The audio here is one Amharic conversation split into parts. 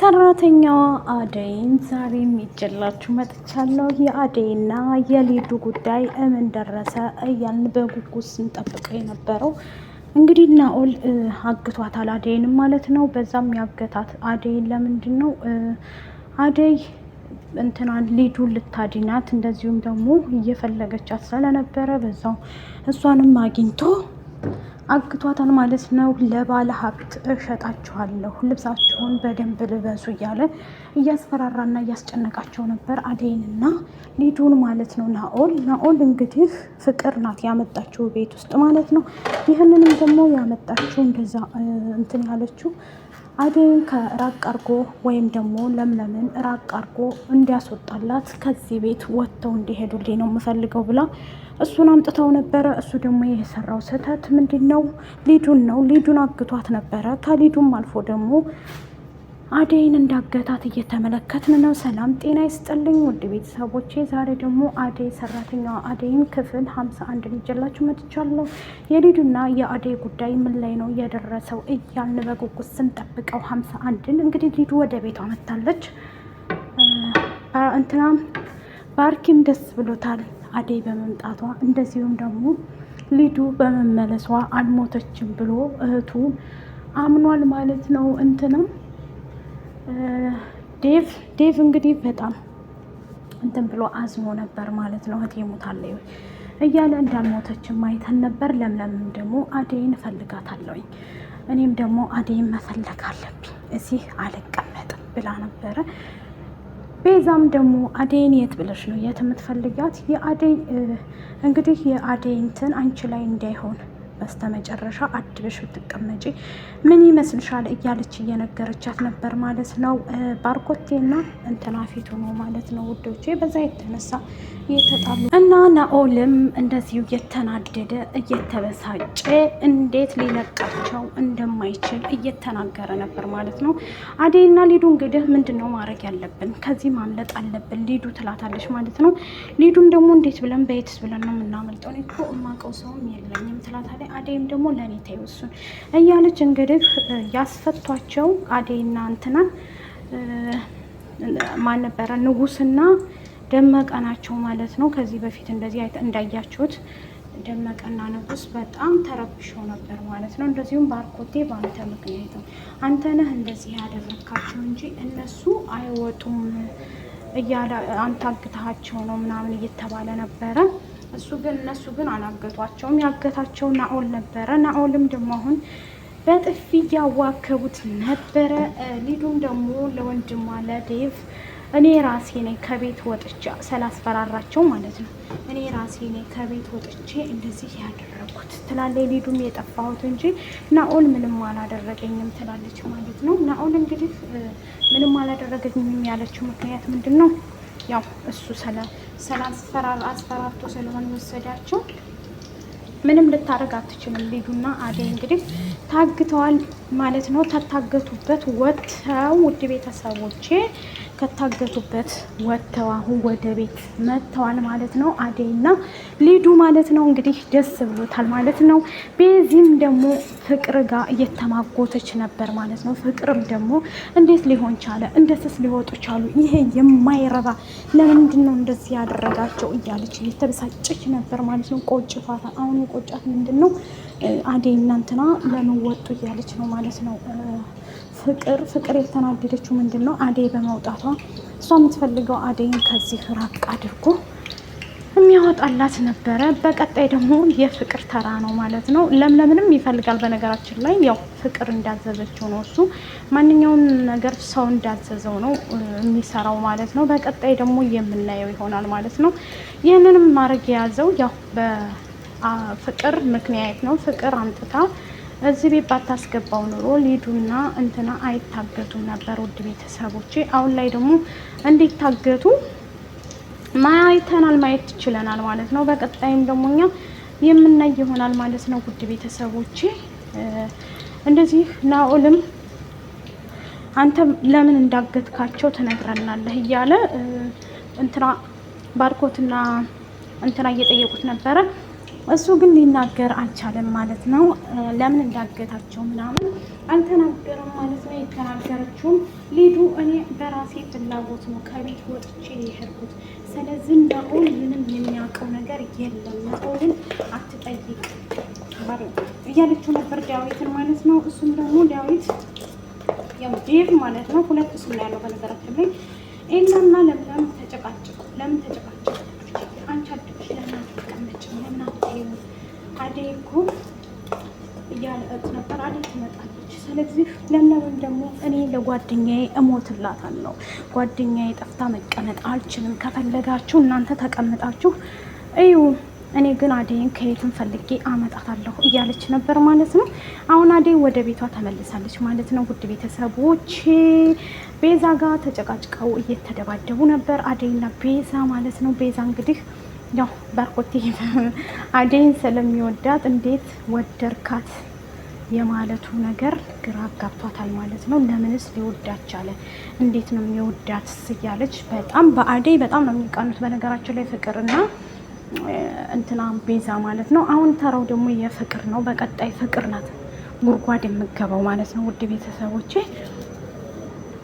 ሰራተኛዋ አደይን ዛሬም ይዤላችሁ መጥቻለሁ። የአደይና የሊዱ ጉዳይ እምን ደረሰ እያልን በጉጉት ስንጠብቀው የነበረው እንግዲህ ናኦል አግቷታል አደይንም ማለት ነው። በዛም ያገታት አደይን ለምንድን ነው አደይ እንትና ሊዱ ልታዲናት እንደዚሁም ደግሞ እየፈለገቻት ስለነበረ በዛው እሷንም አግኝቶ አግቷታል ማለት ነው። ለባለ ሀብት እሸጣችኋለሁ፣ ልብሳችሁን በደንብ ልበሱ እያለ እያስፈራራና እያስጨነቃቸው ነበር አደይንና ሊዱን ማለት ነው። ናኦል ናኦል እንግዲህ ፍቅር ናት ያመጣችው ቤት ውስጥ ማለት ነው። ይህንንም ደግሞ ያመጣችው እንደዛ እንትን ያለችው አደይን ከራቅ አርጎ ወይም ደግሞ ለምለምን ራቅ አርጎ እንዲያስወጣላት ከዚህ ቤት ወጥተው እንዲሄዱልኝ ነው የምፈልገው ብላ እሱን አምጥተው ነበረ። እሱ ደግሞ የሰራው ስህተት ምንድን ነው? ሊዱን ነው ሊዱን አግቷት ነበረ። ከሊዱም አልፎ ደግሞ አደይን እንዳገታት እየተመለከትን ነው። ሰላም ጤና ይስጥልኝ ውድ ቤተሰቦቼ፣ ዛሬ ደግሞ አደይ ሰራተኛዋ አደይን ክፍል ሀምሳ አንድ ይዤላችሁ መጥቻለሁ። የሊዱና የአደይ ጉዳይ ምን ላይ ነው የደረሰው እያልን በጉጉት ስንጠብቀው ሀምሳ አንድን እንግዲህ ሊዱ ወደ ቤቷ መታለች። እንትናም ባርኪም ደስ ብሎታል አደይ በመምጣቷ እንደዚሁም ደግሞ ሊዱ በመመለሷ አልሞተችም ብሎ እህቱ አምኗል ማለት ነው እንትንም ዴቭ ዴቭ እንግዲህ በጣም እንትን ብሎ አዝኖ ነበር ማለት ነው። እህቴ ሞታለች እያለ እንዳልሞተችን ማይተን ነበር። ለምለምም ደግሞ አደይን እፈልጋታለሁኝ እኔም ደግሞ አደይን መፈለግ አለብኝ እዚህ አልቀመጥም ብላ ነበረ። ቤዛም ደግሞ አደይን የት ብለሽ ነው የት የምትፈልጋት? የአደይ እንግዲህ የአደይ እንትን አንቺ ላይ እንዳይሆን በስተመጨረሻ አድበሽ ብትቀመጪ ምን ይመስልሻል እያለች እየነገረቻት ነበር ማለት ነው። ባርኮቴና እንትና ፊቱ ነው ማለት ነው ውዶቼ። በዛ የተነሳ እየተጣሉ እና ናኦልም እንደዚሁ እየተናደደ እየተበሳጨ እንዴት ሊለቃቸው እንደማይችል እየተናገረ ነበር ማለት ነው። አዴና ሊዱ እንግዲህ ምንድን ነው ማድረግ ያለብን? ከዚህ ማምለጥ አለብን ሊዱ ትላታለች ማለት ነው። ሊዱን ደግሞ እንዴት ብለን በየትስ ብለን ነው የምናመልጠው? እኔ እኮ እማውቀው ሰውም የለኝም ትላታለች። አደይም ደግሞ ለእኔ ተይው እሱን እያለች እንግዲህ ያስፈቷቸው አደይና እንትናን ማን ነበረ ንጉስና ደመቀ ናቸው ማለት ነው። ከዚህ በፊት እንደዚህ እንዳያችሁት ደመቀና ንጉስ በጣም ተረብሸው ነበር ማለት ነው። እንደዚሁም ባርኮቴ በአንተ ምክንያት ነው አንተ ነህ እንደዚህ ያደረካቸው እንጂ እነሱ አይወጡም እያለ አንታግታቸው ነው ምናምን እየተባለ ነበረ። እሱ ግን እነሱ ግን አላገቷቸውም። ያገታቸው ናኦል ነበረ። ናኦልም ደግሞ አሁን በጥፊ እያዋከቡት ነበረ። ሊዱም ደግሞ ለወንድሟ ለዴቭ እኔ ራሴ ነኝ ከቤት ወጥቼ ስላስፈራራቸው ማለት ነው። እኔ ራሴ ነኝ ከቤት ወጥቼ እንደዚህ ያደረኩት ትላለች። ሊዱም የጠፋሁት እንጂ ናኦል ምንም አላደረገኝም ትላለች ማለት ነው። ናኦል እንግዲህ ምንም አላደረገኝም ያለችው ምክንያት ምንድን ነው? ያው እሱ ስላስፈራራ አስፈራርቶ ስለሆነ የወሰዳቸው ምንም ልታደርግ አትችልም። ልዩና አደይ እንግዲህ ታግተዋል ማለት ነው። ተታገቱበት ወጥተው ውድ ቤተሰቦቼ ከታገቱበት ወጥተው አሁን ወደ ቤት መጥተዋል ማለት ነው። አደይና ሊዱ ማለት ነው እንግዲህ ደስ ብሎታል ማለት ነው። ቤዚም ደግሞ ፍቅር ጋር እየተማጎተች ነበር ማለት ነው። ፍቅርም ደግሞ እንዴት ሊሆን ቻለ? እንዴትስ ሊወጡ ቻሉ? ይሄ የማይረባ ለምንድን ነው እንደዚህ ያደረጋቸው? እያለች እየተበሳጨች ነበር ማለት ነው። ቆጭቷታል። አሁን ቆጫት ምንድን ነው አደይ እናንትና ለምን ወጡ እያለች ነው ማለት ነው። ፍቅር ፍቅር የተናደደችው ምንድን ነው አደይ በመውጣቷ እሷ የምትፈልገው አደይን ከዚህ ራቅ አድርጎ የሚያወጣላት ነበረ። በቀጣይ ደግሞ የፍቅር ተራ ነው ማለት ነው። ለምለምንም ይፈልጋል። በነገራችን ላይ ያው ፍቅር እንዳዘዘችው ነው እሱ ማንኛውም ነገር ሰው እንዳዘዘው ነው የሚሰራው ማለት ነው። በቀጣይ ደግሞ የምናየው ይሆናል ማለት ነው። ይህንንም ማድረግ የያዘው ያው በፍቅር ምክንያት ነው። ፍቅር አምጥታ እዚህ ቤት ባታስገባው ኑሮ ሊዱና እንትና አይታገቱም ነበር። ውድ ቤተሰቦቼ አሁን ላይ ደግሞ እንዲታገቱ ማይተናል ማየት ትችለናል ማለት ነው። በቀጣይም ደግሞ እኛ የምናይ ይሆናል ማለት ነው። ውድ ቤተሰቦቼ እንደዚህ ናኦልም አንተ ለምን እንዳገትካቸው ትነግረናለህ እያለ እንትና ባርኮትና እንትና እየጠየቁት ነበረ። እሱ ግን ሊናገር አልቻለም ማለት ነው። ለምን እንዳገታቸው ምናምን አልተናገረም ማለት ነው። የተናገረችውም ሊዱ እኔ በራሴ ፍላጎት ነው ከቤት ወጥቼ የሄድኩት፣ ስለዚህ ናኦል ምንም የሚያውቀው ነገር የለም፣ ናኦልን አትጠይቅ እያለችው ነበር ዳዊትን ማለት ነው። እሱም ደግሞ ዳዊት ያው ዴቭ ማለት ነው። ሁለት ስም ያለው በነገራችን ላይ ኤላና ለምለም ተጨቃጭቁ ለምን ተጨቃጭቁ አንቻድ አደይ እኮ እያለቀቁ ነበር። አደይ ትመጣለች። ስለዚህ ለምለም ደግሞ እኔ ለጓደኛዬ እሞትላታለሁ። ጓደኛዬ ጠፍታ መቀመጥ አልችልም። ከፈለጋችሁ እናንተ ተቀምጣችሁ እዩ፣ እኔ ግን አደይን ከየትን ፈልጌ አመጣታለሁ እያለች ነበር ማለት ነው። አሁን አደይ ወደ ቤቷ ተመልሳለች ማለት ነው። ውድ ቤተሰቦች ቤዛ ጋር ተጨቃጭቀው እየተደባደቡ ነበር አደይና ቤዛ ማለት ነው። ቤዛ እንግዲህ ያው ባርኮቴ አደይን ስለሚወዳት እንዴት ወደርካት የማለቱ ነገር ግራ አጋብቷታል ማለት ነው። ለምንስ ሊወዳት ቻለ? እንዴት ነው የሚወዳት እያለች በጣም በአደይ በጣም ነው የሚቃኑት። በነገራችን ላይ ፍቅርና እንትና ቤዛ ማለት ነው። አሁን ተራው ደግሞ የፍቅር ነው። በቀጣይ ፍቅር ናት ጉድጓድ የምገባው ማለት ነው። ውድ ቤተሰቦቼ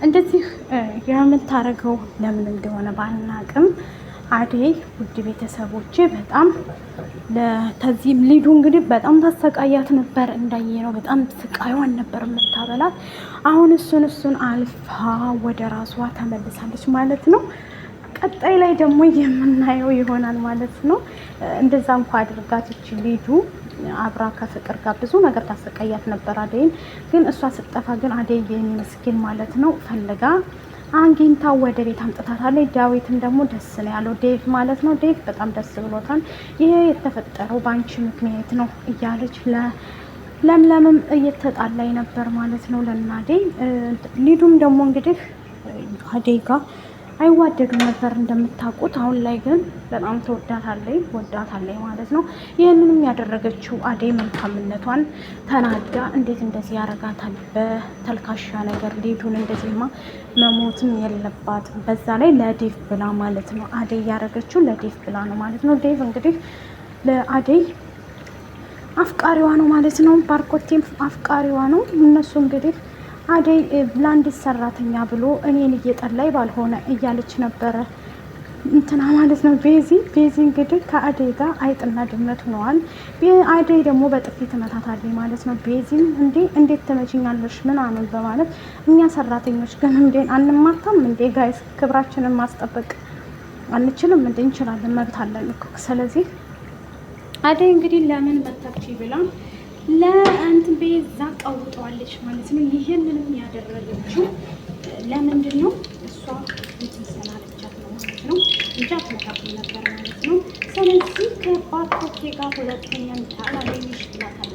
እንደዚህ የምታደርገው ለምን እንደሆነ ባናቅም አደይ ውድ ቤተሰቦቼ በጣም ለተዚህም ሊዱ እንግዲህ በጣም ታሰቃያት ነበር እንዳየ ነው። በጣም ስቃዩን ነበር የምታበላት። አሁን እሱን እሱን አልፋ ወደ ራሷ ተመልሳለች ማለት ነው። ቀጣይ ላይ ደግሞ የምናየው ይሆናል ማለት ነው። እንደዛ እንኳ አድርጋቶች ሊዱ አብራ ከፍቅር ጋር ብዙ ነገር ታሰቃያት ነበር አደይን። ግን እሷ ስጠፋ ግን አደይ ምስኪን ማለት ነው ፈልጋ አንጌንታ ወደ ቤት አምጥታታለች። ዳዊትም ደግሞ ደስ ነው ያለው ዴቭ ማለት ነው። ዴቭ በጣም ደስ ብሎታል። ይሄ የተፈጠረው በአንቺ ምክንያት ነው እያለች ለምለምም እየተጣላይ ነበር ማለት ነው ለናዴ ሊዱም ደግሞ እንግዲህ አዴጋ አይዋደዱም ነበር እንደምታውቁት። አሁን ላይ ግን በጣም ተወዳታለይ ወዳታለይ ማለት ነው። ይህንንም ያደረገችው አደይ መልካምነቷን ተናዳ እንዴት እንደዚህ ያረጋታል በተልካሻ ነገር ሌቱን እንደዚህማ መሞትም የለባትም። በዛ ላይ ለዴቭ ብላ ማለት ነው። አደይ ያረገችው ለዴቭ ብላ ነው ማለት ነው። ዴቭ እንግዲህ ለአደይ አፍቃሪዋ ነው ማለት ነው። ባርኮቴም አፍቃሪዋ ነው። እነሱ እንግዲህ አደይ ለአንዲት ሰራተኛ ብሎ እኔን እየጠላይ ባልሆነ እያለች ነበረ እንትና ማለት ነው። ቤዚ ቤዚ እንግዲህ ከአደይ ጋር አይጥና ድመት ሆነዋል። አደይ ደግሞ በጥፊ ትመታታለች ማለት ነው። ቤዚም እንዴ እንዴት ትመችኛለሽ ምናምን በማለት እኛ ሰራተኞች ግን እንዴ አንማታም እንዴ ጋይስ፣ ክብራችንን ማስጠበቅ አንችልም እንዴ? እንችላለን፣ መብት አለን እኮ። ስለዚህ አደይ እንግዲህ ለምን መታች ብላ ለ ቤዛ ቀውጠዋለች ማለት ነው። ይህንንም ያደረገችው ለምንድን ነው? እሷ ትንሰና ነው ማለት ነው። እንጃት መካከል ነበር ማለት ነው። ስለዚህ ከባቶቴ ጋር ሁለተኛ ምታላ ይሽላታል